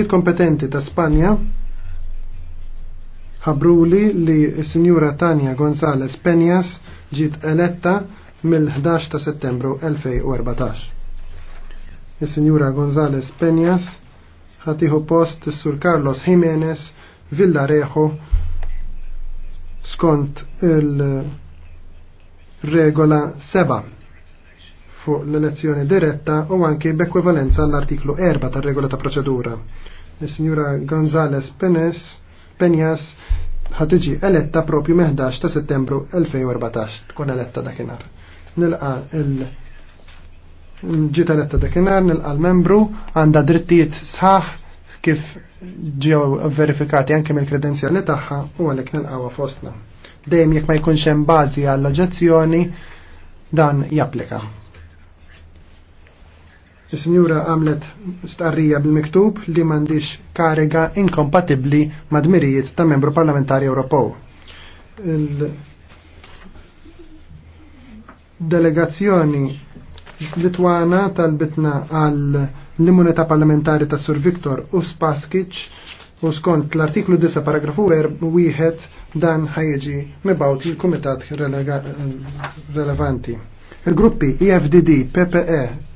Il-kompetenti ta' Spanja ħabruli li s-Sinjura Tania González Penjas ġiet eletta mill-11 ta' settembru 2014. Is-Sinjura González Penjas ħatiħu post sur Carlos Jiménez Villarejo skont il-regola 7 fuq l-elezzjoni diretta u anke b'ekwivalenza l-artiklu 4 tar-regola ta' proċedura. il sinjura Gonzales Penes Penjas ħatiġi eletta propju meħdax ta' settembru 2014 tkun eletta dakinhar. Nilqa il ġiet eletta dakinhar nilqa l-membru għandha drittijiet sħaħ kif ġew verifikati anke mill-kredenzjali tagħha u għalhekk nilqgħuha fostna. Dejjem jekk ma jkunx hemm bażi għall-oġġezzjoni dan japplika. Is-sinjura għamlet starrija bil-miktub li m'għandix kariga inkompatibbli mad-dmirijiet ta' membru parlamentari Ewropew. Il-delegazzjoni Litwana tal-bitna għal l-immunità parlamentari ta' Sur Viktor Spaskic u skont l-artiklu 9 paragrafu 1 er, dan ħajġi mibawt il-komitat relevanti. Il-gruppi IFDD, e PPE,